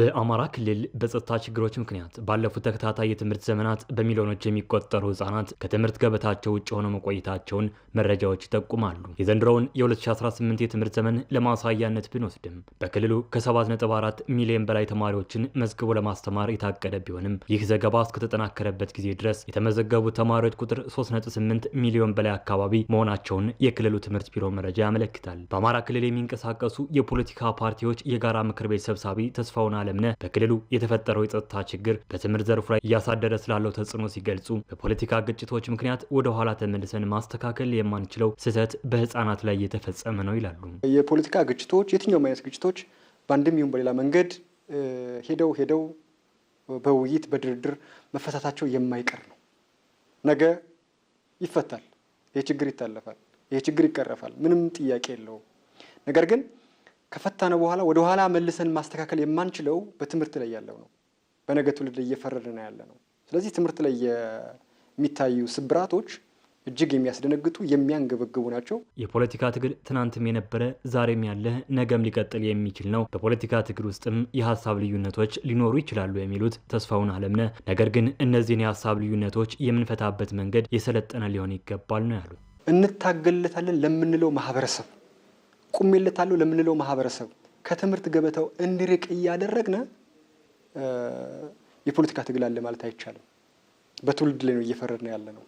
በአማራ ክልል በጸጥታ ችግሮች ምክንያት ባለፉት ተከታታይ የትምህርት ዘመናት በሚሊዮኖች የሚቆጠሩ ህጻናት ከትምህርት ገበታቸው ውጭ ሆነው መቆየታቸውን መረጃዎች ይጠቁማሉ። የዘንድሮውን የ2018 የትምህርት ዘመን ለማሳያነት ብንወስድም በክልሉ ከ7.4 ሚሊዮን በላይ ተማሪዎችን መዝግቦ ለማስተማር የታቀደ ቢሆንም ይህ ዘገባ እስከተጠናከረበት ጊዜ ድረስ የተመዘገቡ ተማሪዎች ቁጥር 3.8 ሚሊዮን በላይ አካባቢ መሆናቸውን የክልሉ ትምህርት ቢሮ መረጃ ያመለክታል። በአማራ ክልል የሚንቀሳቀሱ የፖለቲካ ፓርቲዎች የጋራ ምክር ቤት ሰብሳቢ ተስፋውን አለ አለምነህ በክልሉ የተፈጠረው የጸጥታ ችግር በትምህርት ዘርፉ ላይ እያሳደረ ስላለው ተጽዕኖ ሲገልጹ በፖለቲካ ግጭቶች ምክንያት ወደ ኋላ ተመልሰን ማስተካከል የማንችለው ስህተት በህፃናት ላይ እየተፈጸመ ነው ይላሉ። የፖለቲካ ግጭቶች፣ የትኛውም አይነት ግጭቶች በአንድም ይሁን በሌላ መንገድ ሄደው ሄደው በውይይት በድርድር መፈታታቸው የማይቀር ነው። ነገ ይፈታል። ይህ ችግር ይታለፋል። ይህ ችግር ይቀረፋል። ምንም ጥያቄ የለውም። ነገር ግን ከፈታነ በኋላ ወደ ኋላ መልሰን ማስተካከል የማንችለው በትምህርት ላይ ያለው ነው። በነገ ትውልድ ላይ ነው ያለ ነው። ስለዚህ ትምህርት ላይ የሚታዩ ስብራቶች እጅግ የሚያስደነግጡ የሚያንገበግቡ ናቸው። የፖለቲካ ትግል ትናንትም የነበረ ዛሬም ያለ ነገም ሊቀጥል የሚችል ነው። በፖለቲካ ትግል ውስጥም የሀሳብ ልዩነቶች ሊኖሩ ይችላሉ የሚሉት ተስፋውን አለምነ፣ ነገር ግን እነዚህን የሀሳብ ልዩነቶች የምንፈታበት መንገድ የሰለጠነ ሊሆን ይገባል ነው ያሉት። እንታገልለታለን ለምንለው ማህበረሰብ ቁሜለታለሁ ለምንለው ማህበረሰብ ከትምህርት ገበታው እንዲርቅ እያደረግን የፖለቲካ ትግል አለ ማለት አይቻልም። በትውልድ ላይ ነው እየፈረድን ያለ ነው።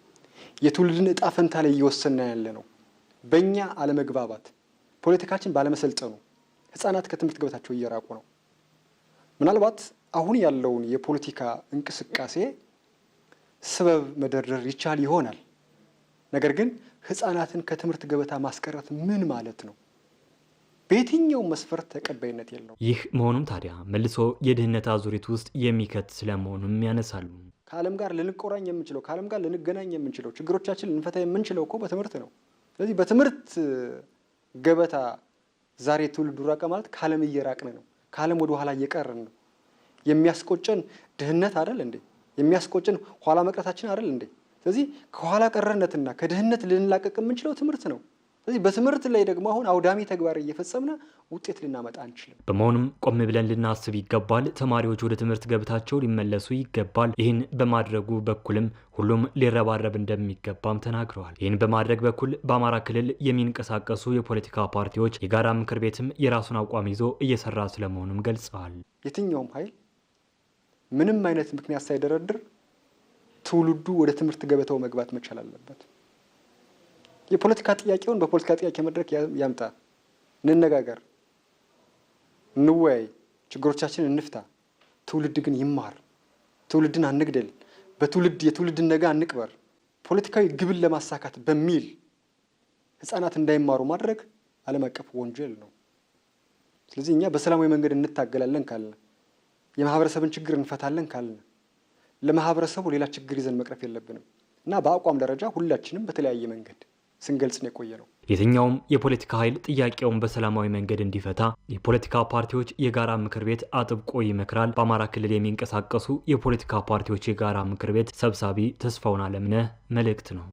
የትውልድን እጣ ፈንታ ላይ እየወሰና ያለ ነው። በእኛ አለመግባባት ፖለቲካችን ባለመሰልጠኑ ህጻናት ከትምህርት ገበታቸው እየራቁ ነው። ምናልባት አሁን ያለውን የፖለቲካ እንቅስቃሴ ስበብ መደርደር ይቻል ይሆናል። ነገር ግን ህጻናትን ከትምህርት ገበታ ማስቀረት ምን ማለት ነው? በየትኛው መስፈርት ተቀባይነት የለው። ይህ መሆኑም ታዲያ መልሶ የድህነት አዙሪት ውስጥ የሚከት ስለመሆኑም ያነሳሉ። ከዓለም ጋር ልንቆራኝ የምንችለው ከዓለም ጋር ልንገናኝ የምንችለው ችግሮቻችን ልንፈታ የምንችለው እኮ በትምህርት ነው። ስለዚህ በትምህርት ገበታ ዛሬ ትውልዱ ራቀ ማለት ከዓለም እየራቅን ነው፣ ከዓለም ወደ ኋላ እየቀርን ነው። የሚያስቆጨን ድህነት አይደል እንዴ? የሚያስቆጨን ኋላ መቅረታችን አይደል እንዴ? ስለዚህ ከኋላ ቀረነትና ከድህነት ልንላቀቅ የምንችለው ትምህርት ነው። ስለዚህ በትምህርት ላይ ደግሞ አሁን አውዳሚ ተግባር እየፈጸምነ ውጤት ልናመጣ አንችልም። በመሆኑም ቆም ብለን ልናስብ ይገባል። ተማሪዎች ወደ ትምህርት ገብታቸው ሊመለሱ ይገባል። ይህን በማድረጉ በኩልም ሁሉም ሊረባረብ እንደሚገባም ተናግረዋል። ይህን በማድረግ በኩል በአማራ ክልል የሚንቀሳቀሱ የፖለቲካ ፓርቲዎች የጋራ ምክር ቤትም የራሱን አቋም ይዞ እየሰራ ስለመሆኑም ገልጸዋል። የትኛውም ኃይል ምንም አይነት ምክንያት ሳይደረድር ትውልዱ ወደ ትምህርት ገበታው መግባት መቻል አለበት። የፖለቲካ ጥያቄውን በፖለቲካ ጥያቄ መድረክ ያምጣ። እንነጋገር፣ እንወያይ፣ ችግሮቻችን እንፍታ። ትውልድ ግን ይማር። ትውልድን አንግደል። በትውልድ የትውልድን ነገ አንቅበር። ፖለቲካዊ ግብን ለማሳካት በሚል ህፃናት እንዳይማሩ ማድረግ ዓለም አቀፍ ወንጀል ነው። ስለዚህ እኛ በሰላማዊ መንገድ እንታገላለን ካልነ የማህበረሰብን ችግር እንፈታለን ካልነ ለማህበረሰቡ ሌላ ችግር ይዘን መቅረፍ የለብንም እና በአቋም ደረጃ ሁላችንም በተለያየ መንገድ ስንገልጽ ነው የቆየ ነው። የትኛውም የፖለቲካ ኃይል ጥያቄውን በሰላማዊ መንገድ እንዲፈታ የፖለቲካ ፓርቲዎች የጋራ ምክር ቤት አጥብቆ ይመክራል። በአማራ ክልል የሚንቀሳቀሱ የፖለቲካ ፓርቲዎች የጋራ ምክር ቤት ሰብሳቢ ተስፋውን አለምነህ መልእክት ነው።